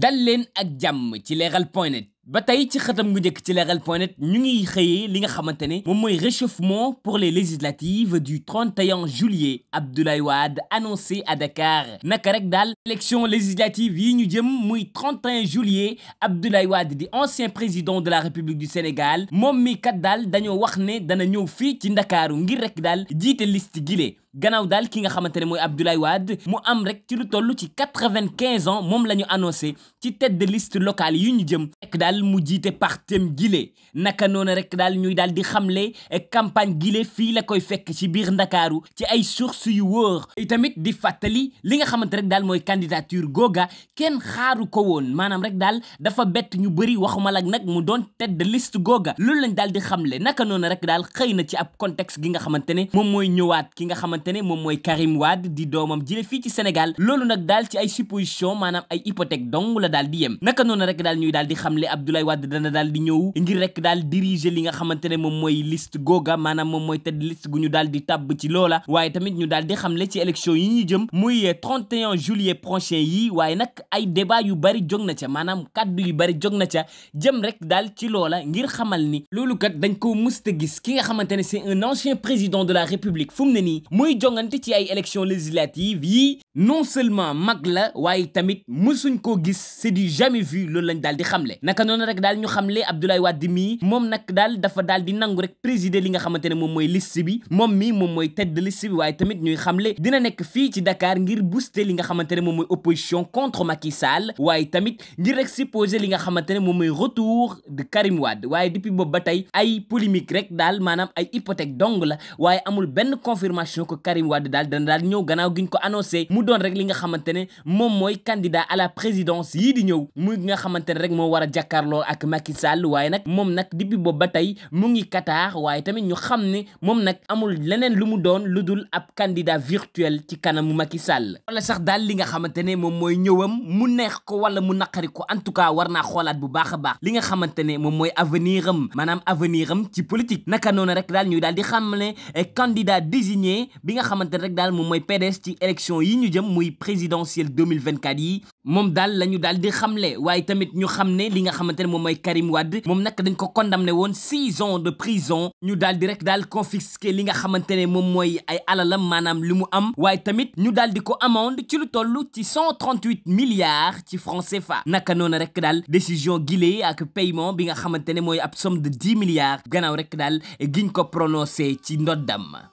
dal leen ak jàmm ci leeral point net ba tey ci xatam gu njëkk ci leral point net ñu ngi xëyee li nga xamante ne moom mooy réchauffement pour les législatives du 31 juillet Abdoulaye Wade annoncé à Dakar naka rek daal élection législative yi ñu jëm muy 31 juillet Abdoulaye Wade di ancien président de la République du Sénégal moom mi kat daal dañoo wax ne dana ñëw fii ci Ndakaaru ngir rek daal jiite liste gile gannaaw daal ki nga xamante ne mooy Abdoulaye Wade mu am rek ci toll ci 95 ans moom la ñu annoncé ci tête liste locale yi ñu jëm daal mu jiite partem gile naka noonu rek daal ñuy daal di xamle eh, campagne gile fii la koy fekk ci biir ndakaaru ci ay sources yu wóor itamit di fàttali li nga xamante rek daal mooy candidature googa kenn xaaru ko woon maanaam rek daal dafa bett ñu bëri waxuma lak nag mu doon tête list liste googa loolu lañ daal di xamle naka noonu rek daal xëy na ci ab contexte gi nga xamante ne moom mooy ñëwaat ki nga xamante ne moom mooy Karim Wade di doomam jile fii ci Sénégal loolu nag daal ci ay supposition maanaam ay hypothèque dong Abdoulaye Wade daal di ñëw ngir rek daal diriger li nga xamante ne moom mooy liste googa maanaam moom mooy tedd liste gu ñu daal di tàbb ci loola waaye tamit ñu daal di xamle ci élection yi ñu jëm muy 31 juillet prochain yi waaye nag ay débat yu bari jóg na ca maanaam kàddu yu bari jóg na ca jëm rek daal ci loola ngir xamal ni loolu kat dañ ko musta gis ki nga xamante ne c'est un ancien président de la république fu mu ne nii muy jongante ci ay élections législatives yi non seulement mag la waaye tamit mësuñ koo gis c'est du jamais vu loolu lañ daal di xamle naka noonu noonu rek daal ñu xam le Abdoulaye Wade mii moom nag li nga xamante ne moom mooy liste bi moom mii moom mooy tête de liste bi waaye tamit ñuy xam le li nga xamante ne moom mooy opposition contre Macky Sall waaye tamit ngir rek supposer li nga xamante ne moom mooy retour de Karim Wade waaye depuis boobu ba tey ay polémique rek daal maanaam ay hypothèque dong la waaye amul benn confirmation que Karim Wade daal dana daal ñëw gannaaw giñ ko annoncé mu doon rek li nga xamante ne moom mooy candidat à la présidence yii di ñëw nga xamante rek moo a jàkkaarloo ak Macky Sall waaye nag moom nag depuis boobu ba tey mu ngi Qatar waaye tamit ñu xam ne moom nag amul leneen lu mu doon lu dul ab candidat virtuel ci kanamu Macky Sall wala sax daal li nga xamante ne moom mooy ñëwam mu neex ko wala mu naqari ko en tout cas war naa xoolaat bu baax a baax li nga xamante ne moom mooy avenir am maanaam avenir am ci politique naka noonu rek daal ñuy daal di xam ne candidat désigné bi nga xamante ne rek daal moom moy PDS ci élection yi ñu jëm muy présidentielle 2024 yi moom daal la ñu daal di xamle waaye tamit ñu xam ne li nga xamante ne moom mooy Karim Wade moom nag dañ ko condamné woon six ans de prison ñu daal di rek daal confisqué li nga xamante ne moom mooy alalam maanaam lu mu am waaye tamit ñu daal di ko amende ci lu toll ci 138 milliards ci francs fa naka noonu rek daal décision gile ak paiement bi nga xamante ne mooy ab somme de 10 milliards gannaaw rek daal giñ ko prononcé ci ndoddam